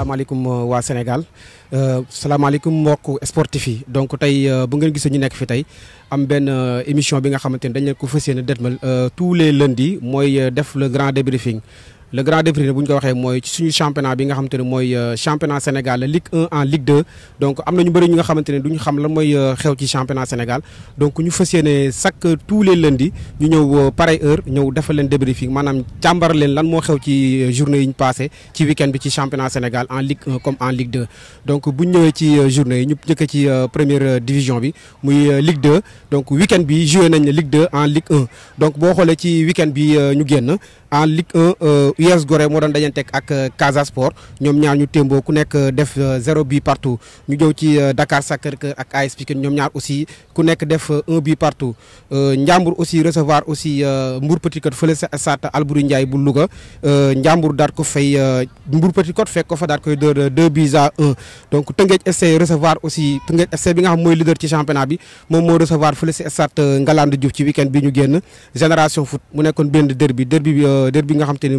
salaamaaleykum euh, wa Sénégal euh, salaamaaleykum mbokk sportif yi donc tay euh, bu ngeen gisee ñu nek fi tay am ben émission bi nga xamante dañ leen ko fas yéene dëtmal tous les lundis moy def le grand débriefing le grand de buñ ko waxé moy ci suñu championnat bi nga euh, championnat Sénégal la Ligue 1 en Ligue 2 donc am na ñu bëri ñu nga xam euh, championnat Sénégal donc ñu faisons chaque euh, tous les lundis ñu ñëw pareil heure ñëw faisons leen débriefing manam càmbar leen lan mo xew ci journée yi ñu passé ci week-end bi ci championnat Sénégal en Ligue 1 comme en Ligue 2 donc nous ñëwé ci journée yi ñu première division bi Ligue 2 donc week-end bi jouer nañ Ligue 2 en Ligue 1 donc bo xolé ci week-end bi ñu génn en Ligue 1 US Gorée moo doon dajante ak euh, Casa Sport ñoom ñaar ñu témboo ku nekk euh, def euh, zéro but partout ñu jëw ci Dakar Sacré-Cœur ak AS Pikine ñoom ñaar aussi ku nekk def un but partout Ndiambour aussi recevoir aussi Mbour Petite Côte fële stade Albouri Ndiaye bu Louga Ndiambour daat ko fay Mbour Petite Côte ko fa daat koy deux deux buts à nga xam mooy leader ci championnat bi moo recevoir fële si stade Ngalandou Diouf ci week bi ñu génn Génération Foot mu nekkoon benn derbi derbi derbi nga xam te ne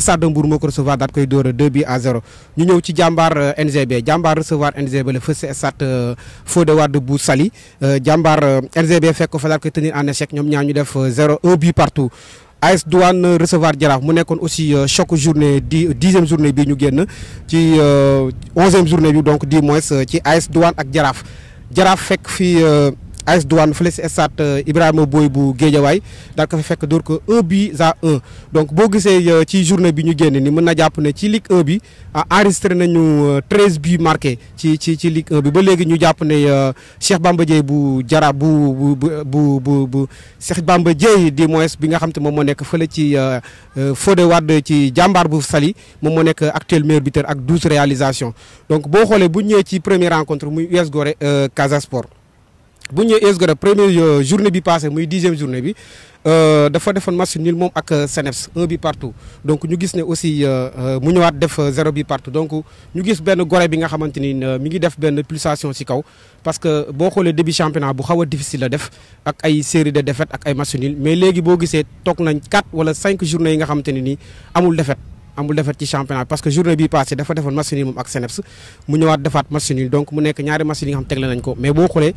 Stade de Mbour recevoir daat koy dóor 2 buts à 0 ñu ñëw ci Jambar euh, NGB Jambar recevoir NGB le feu ci stade euh, Fodé de bu Saly euh, jàmbaar NGB fekk ko fa daat koy tenir en échec ñom ñaar ñu def 0 1 but partout AS Douane recevoir Jaraaf mu nekkon aussi choc journée di e journée bi ñu génn ci 11e journée bi donc du moins ci AS Douane ak Jaraaf Jaraaf fekk fii AS Douane fële si stade euh, Ibrahima Boy bu Géejawaay daal ko fa fekk dóor ko 1 but à 1 donc bo gisee euh, ci journée bi ñu génn ni mëna japp né ci Ligue 1 bi euh, enregistré nañu 13 buts marqués ci ci ci Ligue 1 bi ba légui ñu japp né Cheikh Bamba Dieye bu jara bu bu bu bu Cheikh Bamba Dieye di moins bi nga xam te moom moo nekk fële ci Fodé wad ci jambar bu Saly mom mo nek actuel meilleur buteur ak 12 réalisations donc bo xolé bu ñëw ci première rencontre muy US Gorée Casa Sport bu ñëwee Esgora première euh, journée bi passé muy dixième journée bi euh, dafa defoon match nul moom ak CNEPS euh, un bi partout donc ñu gis ne aussi mu ñëwaat def zéro bi partout donc ñu gis benn Gorée bi nga xamante ni mi ngi def benn pulsation ci kaw parce que boo xoolee début championnat bu xaw a difficile la def ak ay série de défaites ay match nul mais léegi boo gisee toog nañ quatre wala cinq journées yi nga xamante nii amul défaite amul defet ci championnat parce que journée bii passé dafa defoon match nul moom ak CNEPS mu donc mu nekk ñaari match yi nga xam tegle nañ ko mais boo xoolee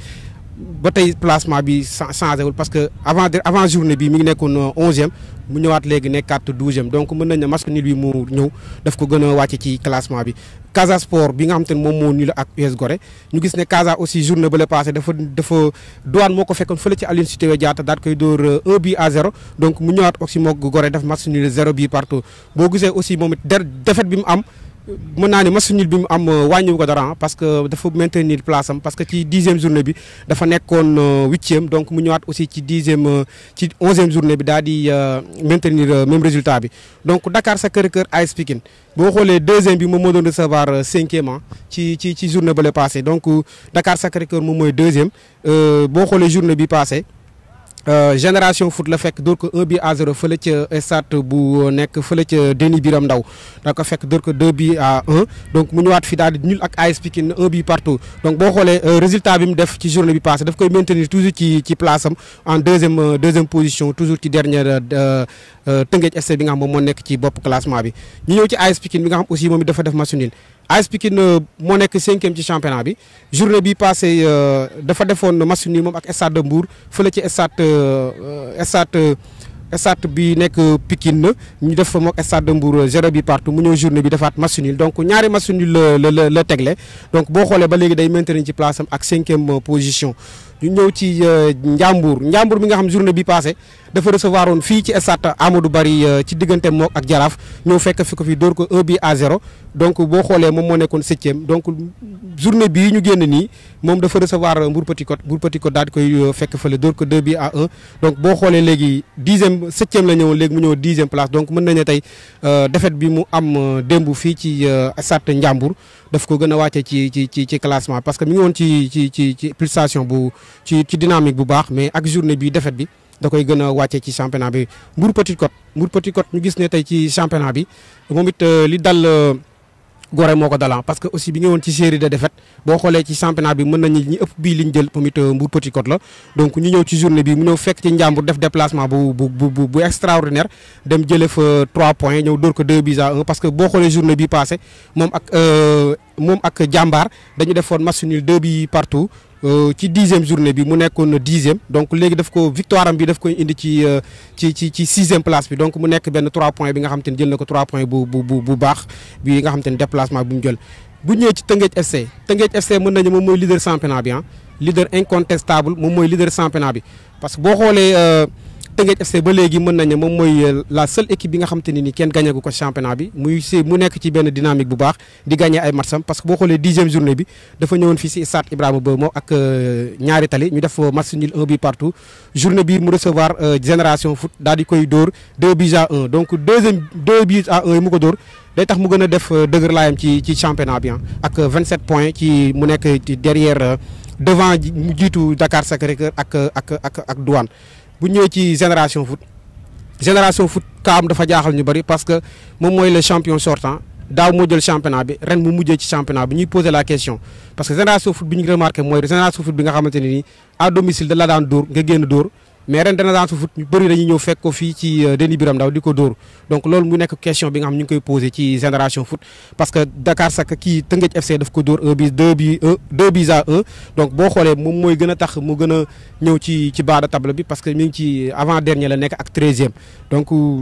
ba tey placement bi changé wul parce que avant avant journée bi mi ngi nekkoon euh, onzième mu ñëwaat léegi nekkaat douzième donc mën nañ ne Masculinité bi moo ñëw daf ko gën a wàcc ci classement bi Casa Sport bi nga xam te ne moom moo nii la ak US Gorée ñu gis ne Casa aussi journée ba la passé dafa dafa moo ko fekkoon fële ci Aline Sitoé Diatta daal koy dóor 1 euh, bi à 0 donc mu ñëwaat aussi moog Gorée daf match nul 0 bi partout boo gisee aussi moom it bi mu am Je suis un peu bi mu euh, ah, parce que faut maintenir place parce que le dixième journée bi dafa 8e, euh, donc mu ñëwaat aussi le dixième euh, ci journée bi daal maintenir même résultat donc Dakar Sacré-Cœur AS le deuxième bi ah, le moo recevoir journée Dakar Sacré-Cœur le deuxième le journée passé Euh, génération foot la fekk dóor ko bi à 0 fële ca stade bu nekk fële ca Déni Biram Ndaw da ko fekk dóor ko bi à 1 donc mu ñëwaat fi daal di nul ak AS Pikine 1 bi partout donc boo xoolee euh, résultat bi mu def ci journée bi passé daf koy maintenir toujours ci ci place am en deuxième euh, deuxième position toujours ci dernière Tëngéej FC bi nga xam moom moo nekk ci bopp classement bi ñu ñëw ci AS Pikine bi nga xam aussi moom it dafa def match nul AS Pikine est euh, 5e ci championnat bi journée bi passé euh, dafa defoon match nul mom ak Stade de Mbour ci stade euh, stade stade bi nek Pikine ñu def fa Stade de Mbour zéro bi partout mu ñeu journée bi defaat match nul donc ñaari match nul la le donc bo xolé ba légui day maintenir place am ak position. ñu ñëw ci euh, Njàmbur Njàmbur mi nga xam journée bi passé dafa recevoir woon fii ci stade Amadou Barry euh, ci diggante mook ak Jaraaf ñëw fekk fi ko fi dóor ko 1 bi à 0 donc boo xoolee moom moo nekkoon septième donc journée bii ñu génn nii moom dafa recevoir euh, Mbour Petite Côte Mbour Petite Côte daal di koy fekk fële dóor ko 2 bi a 1 donc boo xoolee léegi dixième septième la ñëwoon léegi mu ñëw dixième place donc mën nañu tey défaite bi mu am démb fii ci stade Njàmbur daf ko gëna waccé ci ci ci classement parce que mi ngi won ci ci ci ci pulsation bu ci ci dynamique bu baax mais ak journée bi défaite bi da koy gëna waccé ci championnat bi Mbour Petite cote Mbour Petite cote ñu gis né tay ci championnat bi momit euh, li dal euh, Gorée moo ko dalan ah, parce que aussi bi nga woon ci série de défaite boo xoolee ci championnat bi mën nañu ñi ëpp bii liñ jël pamit Mbour Petite Côte la donc ñu ñëw ci journée bi mu ñëw fekk ci Njàmbur def déplacement bu bu bu extraordinaire dem jëlee fa 3 points ñëw dóor ko 2 buts parce que boo xoolee journée bi passé moom ak euh, moom ak jàmbaar dañu defoon match nul 2 partout Euh, ci 10e journée bi mu 10e donc léegi daf ko victoire am bi daf ko indi euh, ci ci ci 6e place bi donc mu nek ben 3 points bi nga xam te jël na ko trois points bu bu bu bax bi nga xam te déplacement bu mu jël. bu ñëwee ci Tëngéej FC Tëngéej FC mën nañu mooy leader championnat bi hein leader incontestable moom mooy leader championnat bi parce que boo xoolee. Euh, Teungueth FC ba léegi mën nañu moom mooy euh, la seule équipe bi nga xamante ne ni kenn gagné gu ko championnat bi muy si mu nekk ci benn dynamique bu baax di gagné ay match am parce que boo xoolee dixième journée bi dafa ñëwoon fii si stade Ibrahima Ba moom ak euh, ñaari tali ñu def match nul un bi partout bi mu recevoir euh, génération foot daal di koy dóor deux buts à un donc deuxième deux bis à un yi mu ko dóor day tax mu gën a def dëgër laayam ci ci championnat bi ak 27 points ci mu nekk ci derrière devant mu jiitu Dakar Sacré-Cœur ak ak ak ak Douane bu ñëwee ci génération foot génération foot kaam dafa jaaxal ñu Bari? parce que moom mooy le champion sortant le champion jël championnat bi ren mu mujjee ci championnat bi ñuy poser la question parce que génération foot bi ñu remarqué génération foot bi nga à domicile de la daan dóor nga mais ren renaissance foot ñu bëri dañuy ñëw fekk ko fii ci euh, Déni Biram Ndaw di ko dóor donc loolu mu nekk question bi nga xam ñu ngi koy posé ci génération foot parce que Dakar Saka kii Tëngéej FC daf ko dóor un bis deux bi deux bis à un donc boo xoolee moom mooy gën a tax mu gën a ñëw ci ci bas de table bi parce que mi ngi ci avant dernier la nekk ak treizième donc euh,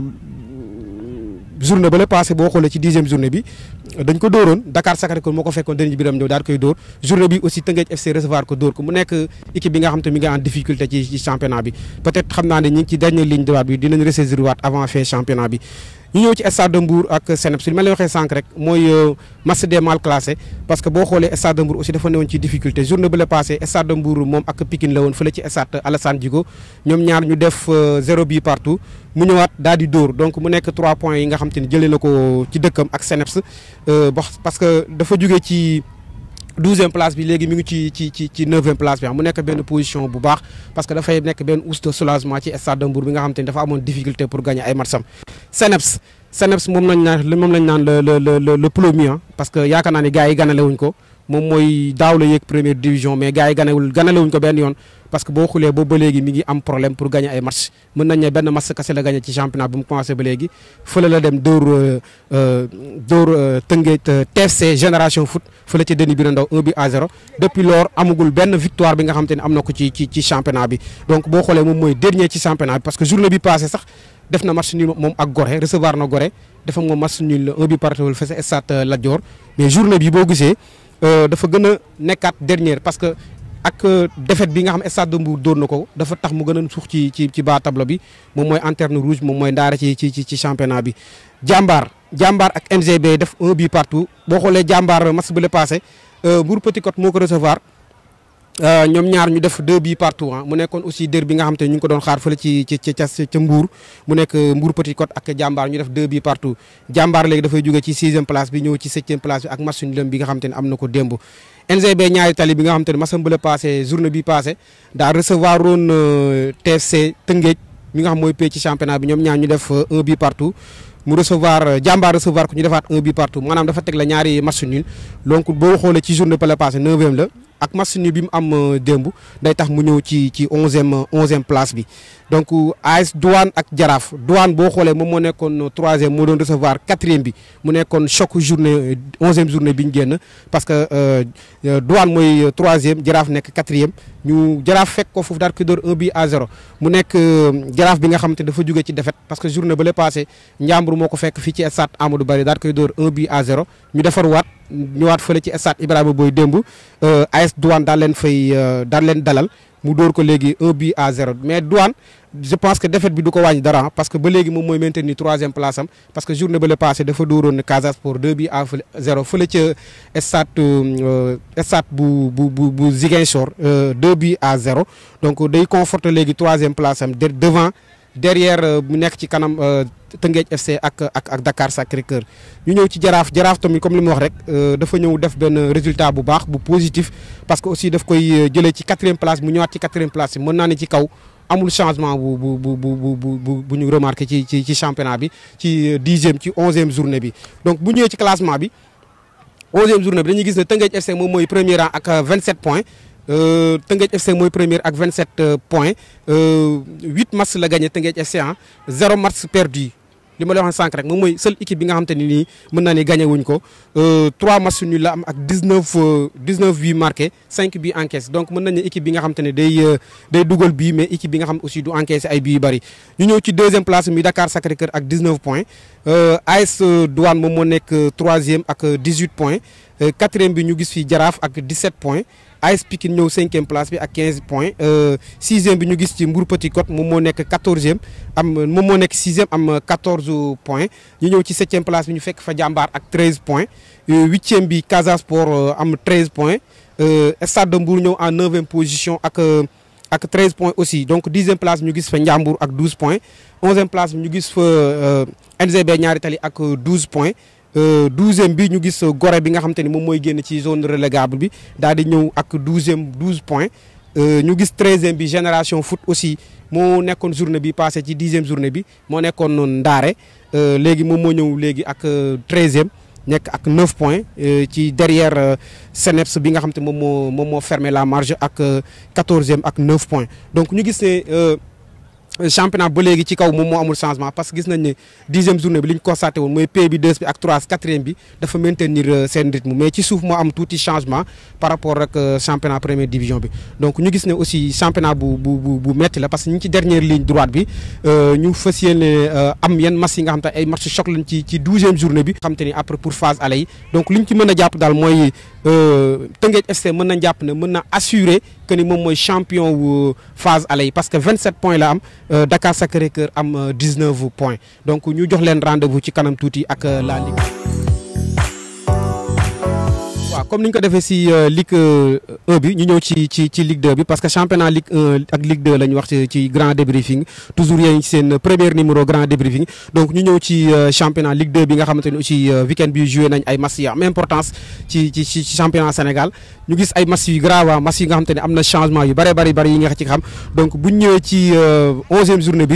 journée ba passé bo xolé ci e journée bi dañ ko dóoroon Dakar sacré ko biram le daal koy journée bi aussi Teungueth FC recevoir ko le ko équipe bi nga en difficulté ci championnat peut-être xamna y ñi dernière ligne de bi dinañ avant championnat ñu ñëw ci stade de Mbour ak CNEPS li ma leen waxee sànq rek moy euh, masse des mal classés parce que bo xolé stade de Mbour aussi dafa newoon ci difficulté journée bu la passé stade de Mbour moom ak Pikine la woon fële ci stade Alassane Djigo ñom ñaar ñu def 0 euh, bi partout mu ñëwaat daal di dóor donc mu nekk 3 points yi nga xam te ne jëlee ci dëkkam ak euh parce que dafa jugee ci. 12e place bi légui mi ngi ci ci ci ci 9e place bi ah, mu nek ben position bu baax parce que da fay nek ben ouste de soulagement ci stade de Mbour bi nga xam te ni dafa amone difficulté pour gagner ay matcham CNEPS CNEPS mom lañ naan mom lañ naan le le le le le plomier ah, parce que yakana ni gaay yi ganalé wuñ ko mom moy dawla yek première division mais gars yi ganewul ganalewuñ ko ben yon parce que bo xulee bo ba légui mi ngi am problème pour gagner ay match meun nañ ne benn match kasse la gagner ci championnat bu mu commencé ba légui feulé la dem euh, euh dóor euh, Tëngéej euh, TFC Génération Foot feulé ci deni bi 1 à 0 depuis lors amugul ben victoire bi nga xam te ne ko ci ci ci championnat bi donc bo xoolee mom moy dernier ci championnat parce que journée bi passé sax def na match nul mom ak goré recevoir na Gorée dafa moom match nul 1 bi partéwul fese stade Lat Dior mais journée bi bo gisee euh, dafa gëna a dernière parce que ak euh, défaite bi nga xam stade Mbour dafa tax mu gëna a ci ci ci dernières. tableau bi moy interne rouge moom moy ci ci ci championnat bi. ak un partout match bi euh, Mbour recevoir. Euh, ñoom ñaar ñu def deux bi partout ah mu nekkoon aussi dër bi nga xam te ñu ko doon xaar fële ci ci ca ca Mbour mu euh, jàmbaar ñu def deux bi partout jàmbaar léegi dafay jóge ci sixième place bi ñëw ci septième place bi ak match lëm bi nga xam te ne am na ko démb NGB ñaari tali bi nga xam te ne masam bële passé journée bi passé daa recevoir roon euh, TFC Tëngéej mi nga xam mooy pay ci championnat bi ñoom ñaar ñu def un bi partout mu recevoir jàmbaar recevoir ku ñu defaat un bi partout maanaam dafa teg la ñaari match nul donc boo xoolee ci journée bële passé neuvième la ak machine bi am euh, dembu day tax mu euh, place bi donc euh, AS Douane ak giraffe, Douane xolé mo nekkon troisième mo recevoir quatrième bi mu nekkon choc journée onzième journée parce que Douane troisième quatrième ñu fekk ko à mu bi nga dafa ci défaite parce que journée ba le passé moko fekk fi ci Amadou ñëwaat fële ci stade Ibrahima Boye démb euh, AS Douane daal leen fay euh, daal leen dalal mu dóor ko léegi un but à mais Douane je pense que défaite bi du ko dara parce que ba léegi moom mooy maintenir troisième place parce que journée ba passé dafa dóoroon Casa euh, Sport deux buts à zéro fële ca stade stade bu bu bu deux donc troisième place devant derrière Tëngéej FC ak ak ak Dakar Sacré-Cœur ñu ñëw ci jaraaf jaraaf tamit comme li mu wax rek euh, dafa ñëw def ben résultat bu baax bu positif parce que aussi daf koy euh, jëlé ci 4e place mu ñëwaat ci 4e place bi mën naa ne ci kaw amul changement bu bu bu bu bu bu ñu remarquer ci ci ci championnat bi ci 10e euh, ci 11e journée bi donc bu ñëw ci classement bi 11e journée bi dañuy gis ne Tëngéej FC moom mooy premier rang ak 27 points. euh, Tëngéej FC mooy premier ak 27 points Euh, 8 matchs la gagné Tëngéej FC ah 0 match perdu li ma en waxoon sànq rek moy seule équipe bi nga xamanteni ni mën na gagné wuñ ko 3 euh, matchs nuls la am ak 19 19 euh, buts marqués 5 buts encaissés donc mën nañ ne équipe bi nga xamanteni day euh, day dougal bi mais équipe bi nga xam aussi du encaisser ay buts yu ñu ñëw ci deuxième place mi Dakar Sacré-Cœur ak 19 points AS Douane mo ème avec troisième ak 18 points 4e bi ñu gis fi Jaraaf ak 17 points. AS est en 5e place bi 15 points 6e euh, bi ñu gis ci Mbour Petit Cote mom mo nek 14e am avons mo nek 6e 14 points ci 7e place bi 13 points 8e euh, bi Casa Sport 13 euh, points euh Stade de Mbour en 9e position avec 13 points aussi donc 10e place ñu gis fa 12 points 11e place nous avons fa euh NZB Ñaari 12 points 12e euh, bi ñu gis euh, goré bi nga xamanteni mom moy génn ci zone relégable bi dal di ñëw ak 12e 12 points euh ñu gis 13e bi génération foot aussi mo nekkon journée bi passé ci 10e journée bi mo nekkon non ndaré euh legi mom mo ñëw légui ak 13e euh, nek ak 9 points ci derrière Seneps bi nga xamanteni mom mo mo fermer la marge ak 14e ak 9 points donc ñu gis euh championnat ba légui ci kaw moom mo amul changement parce que gis nañ 10e journée bi liñ constaté won moy P bi deux bi ak 4e bi dafa maintenir euh, sen rythme mais ci souf mo am tuuti changement par rapport ak euh, championnat première division bi. donc ñu gis ne aussi championnat bu bu bu bu metti la parce que ñu ci dernière ligne droite bi euh, ñu fas yéene am yenn match yi nga xam tane ay match choc lañ ci ci 12e journée bi. xam tane après pour phase aller donc liñ ci mëna japp dal moy euh Tëngéej FC mëna japp ne assurer que ni mom moy champion phase aller parce que 27 points la am. Euh, Dakar Sacré-Cœur am 19 euh, points donc ñu jox leen rendez-vous ci kanam tuuti ak euh, la Ligue. comme nous avons fait Ligue 1 euh, nous Ligue 2 parce que championnat Ligue 1 Ligue 2 grand débriefing toujours y a premier numéro grand débriefing donc avons ñëw ci euh, championnat Ligue 2 bi nga fait euh, weekend avons fait championnat Sénégal Nous avons fait match grave ah, changement donc bu fait 11 journée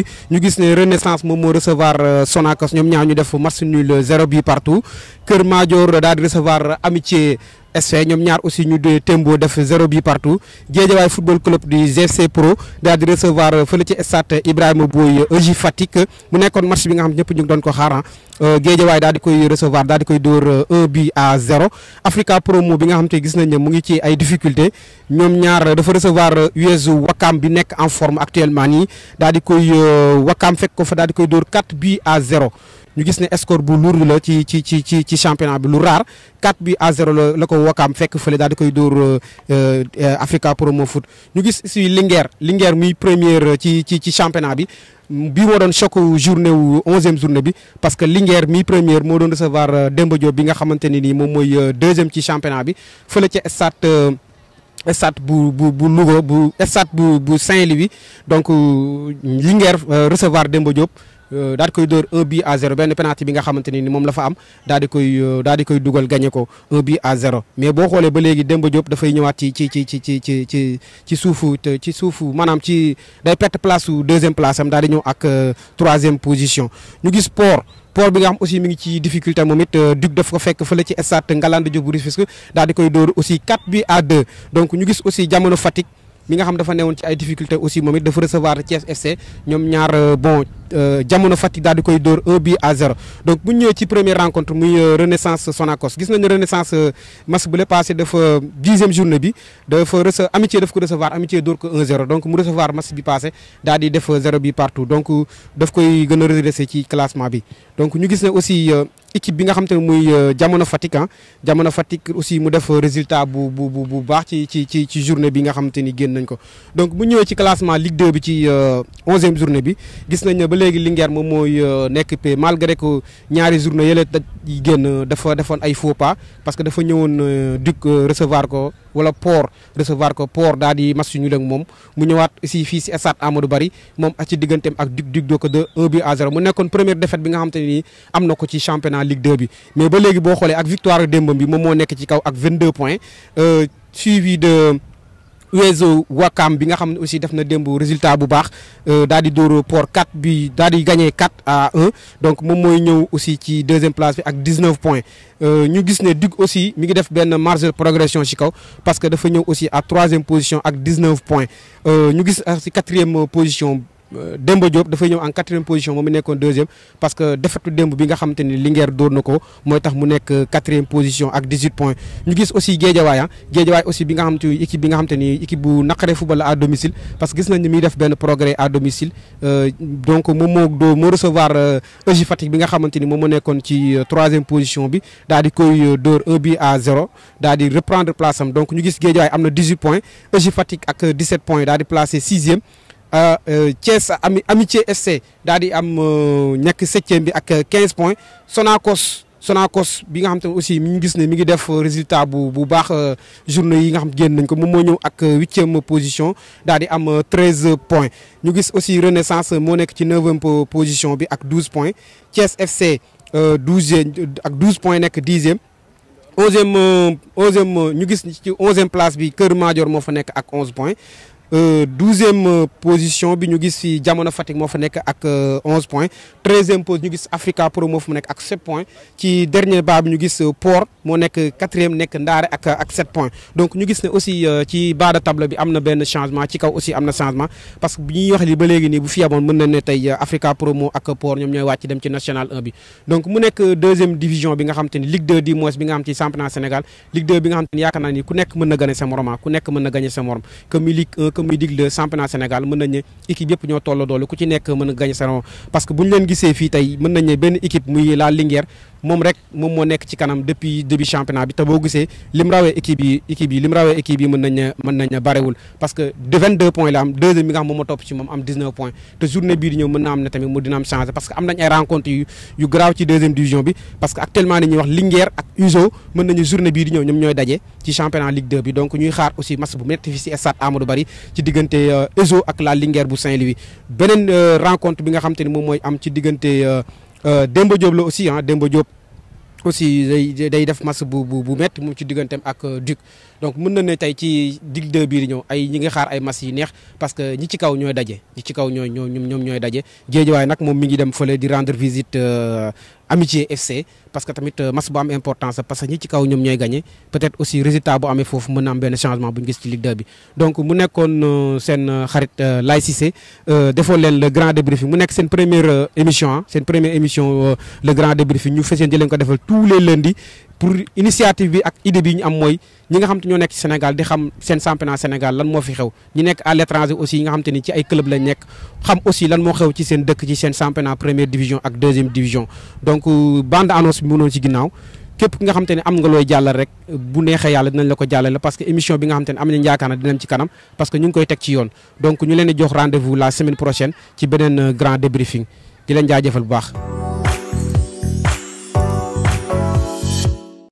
Renaissance recevoir Sonakos. Nous avons fait match nul bi partout Que Madior Major recevoir Amitié. SV ñoom ñaar aussi ñu de tembo def zéro bi partout Guédiawaye football club du GFC Pro daal recevoir euh, fële ci stade Ibrahima Boye EJ euh, Fatick mu nekkoon match bi nga xam ñëpp ñu ngi doon ko xaar euh, Guédiawaye daal di koy recevoir daal di koy dóor 1 bi à 0 Africa Promo bi nga xam te gis nañ ne mu ngi ci ay difficulté ñoom ñaar dafa recevoir US wakaam bi nekk en forme actuellement nii daal di koy Wakam fekk ko fa daal di koy dóor 4 bi à 0 ñu gis ne score bu lourd la ci ci ci ci championnat bi lu 4 bi à 0 le la ko que fekk fële daal di koy dóor euh, euh, Africa Promo Foot ñu gis si Linger, Linger, muy première euh, ci ci championnat bi bi moo doon choc journée 11 e journée bi parce que Linger, mi première moo doon recevoir Dembo Diop bi nga xamante ne deuxième ci championnat bi fële ca stade stade bu bu bu bu Saint-Louis donc Linger recevoir Dembo Diop Euh, daal koy dóor 1 bi à 0 benn penalty bi nga xamante ni moom la fa am daal di koy euh, daal di koy dugal gagné ko bi à 0 mais boo xoolee ba léegi dem Demba Diop dafay ñëwaat ci ci ci ci ci ci ci ci suufu ci suufu maanaam ci day perte place su deuxième place am daal di ñëw ak euh, troisième position ñu gis Port. port bi nga xam aussi mi ngi ci difficulté moom it Duc daf ko fekk fële ci stade Ngalandou Diouf bu Rufisque daal di koy dóor aussi 4 bi à 2 donc ñu gis aussi jamono Fatick nous avons des difficultés aussi, nous devons recevoir le FC, nous avons eu un bon de corridor 1 à 0. Donc, nous avons une première rencontre, nous avons eu Renaissance Sonakos. Nous avons eu Renaissance euh, Massoule, passé de la 10e journée, de la amitié de recevoir, amitié d'or 1 0. Donc, nous recevoir, recevoir Massoule passé, d'aller de 0 partout. Donc, nous avons eu une classe. Donc, nous avons aussi. Euh, équipe bi nga xam te ne muy euh, jamono Fatick ah jamono Fatick aussi mu def euh, résultat bu bu bu baax ci ci ci ci journée bi nga xam te ni génn nañ ko. donc mu ñëwee ci classement Ligue 2 bi ci euh, onzième journée bi gis nañ ne ba léegi Linguère moom mooy nekk pe malgré que ñaari journée yële yi génn dafa defoon ay faux pas parce que dafa ñëwoon Duc recevoir ko. wala port recevoir ko port daal di match ñu leen moom mu ñëwaat si fii si stade Amadou Barry moom ak ci digganteem ak Duc Duc Doko 2 1 but à 0 mu nekkoon première défaite bi nga xam te am na ko ci championnat Ligue 2 bi mais ba léegi boo xoolee ak victoire démbam bi moom moo nekk ci kaw ak 22 points euh, suivi de weesu Wakam bi nga xamne aussi def na dembu résultat bu baax euh, dal di doro port 4 bi dal di gagné 4 à 1 donc mom moy ñëw aussi ci deuxième place bi ak 19 points euh, ñu gis ne Dug aussi mi ngi def ben marge de progression ci kaw parce que dafa ñëw aussi à troisième position ak 19 points euh, ñu gis ci quatrième position euh, Demba Diop dafay ñëw en quatrième position moom mi 2 deuxième parce que defatu démb bi nga xamanteni ni Linguère dóor na tax mu nekk quatrième position ak 18 points ñu gis aussi Guédiawaay ah Guédiawaay aussi bi nga xamanteni équipe bi nga xamanteni équipe bu naqaree football à domicile parce que gis nañ ni mi def ben progrès à domicile euh, donc moom moo doo moo recevoir Eji euh, Fatik bi nga xamanteni mo mo moo ci troisième position bi daal koy dóor 1 but à 0 daal reprendre place am donc ñu gis Guédiawaay am amna 18 points Eji Fatik ak 17 points daal placer 6 sixième Euh, Thiès ami Amitié FC daal di am euh, ñekk septième bi ak 15 euh, points Sonacos Sonacos bi nga xam te ne aussi mi ngi gis ne mi ngi def résultat bu bu baax journée yi nga xam génn nañ ko moom moo ñëw ak huitième position daal di am 13 points ñu gis aussi Renaissance moo nekk ci neuvième position bi ak 12 points Thiès FC douzième ak 12 points nekk dixième. onzième onzième ñu gis ci onzième place bi Kër Madior moo fa nekk ak 11 points. 12e euh, euh, position bi ñu gis fi jamono fatik mo fa nek ak 11 euh, points 13e position ñu gis africa pro mo fa nek ak 7 points ci dernier bas bi ñu gis port mo nek 4e nek ndare ak ak 7 points donc ñu gis ne aussi ci bas de table bi amna ben changement ci kaw aussi amna changement parce que bi ñuy wax li ba légui ni bu fi amone mën na tay africa pro mo ak port ñom ñoy wacc dem ci national 1 bi donc mu nek 2e division bi nga xamanteni ligue 2 di moins bi nga xamanteni championnat sénégal ligue 2 bi nga xamanteni yakana ni ku nek mën na gagner sa morom ah, ku nek mën gagner sa morom comme ligue 1 que muy digle championnat Sénégal mën nañ équipe yëpp ñoo tolloo doole ku ci nekk mën a gañ saron parce que bu ñu leen gisee fii tey mën benn équipe muy la Linguère moom rek moom moo nekk ci kanam depuis début championnat bi te boo gisee lim rawee équipe bi équipe bi lim équipe bi mën nañ mën nañ barewul parce que de 22 points là 2 deuxième bi nga xam moom ci am 19 points te journée bii di ñëw mën na am ne tamit dina am changé parce que am nañ ay rencontre yu yu graaw ci deuxième division bi parce que actuellement ni ñuy wax Linguère ak Uzo mën journée bii di ñëw ñoom ñooy daje ci championnat Ligue 2 bi donc ñuy xaar aussi match bu métti fi stade Amadou bari ci diggante ESO euh, ak la Linguère bu Saint-Louis beneen euh, rencontre bi nga xam te ni moom mooy am ci diggante euh, Demba Diop la aussi ah Demba Diop aussi day def match bu bu bu métti mu ci digganteem ak Duc donc mën na ne tey ci dig deux di ñëw ay ñi nga xaar ay match yi neex parce que ñi ci kaw ñooy daje ñi ci kaw ñooy ñoo ñoom ñooy daje Guédiawaye nag moom mi ngi dem fële di rendre visite Amitié FC parce que tamit euh, match bu am importance parce que ñi ci kaw ñom ñoy gagner peut-être aussi résultat bu amé fofu mën na am ben changement bu gis ci Ligue 2 bi. donc mu nekkoon euh, sen euh, xarit Laye Cissé defoo leen le grand débriefing mu nekk sen hein, première émission sen première émission le grand débriefing ñu fas yéene di leen ko défal tous les lundis pour initiative bi ak idée bi ñu am moy ñi nga xam te ñoo nekk ci Sénégal di xam seen championnat Sénégal lan moo fi xew ñi nekk à l'étranger aussi yi nga xam te ni ci ay club lañ nekk xam aussi lan moo xew ci seen dëkk ci seen championnat première division ak deuxième division donc euh, bande annonce bi ci ginnaaw képp nga xam te ne am nga looy jàll rek bu neexee yàlla dinañ la ko jàllale parce que émission bi nga xam te ne am nañ yaakaar na dinañ ci kanam parce que ñu ngi koy teg ci yoon donc ñu leen di jox rendez euh, baax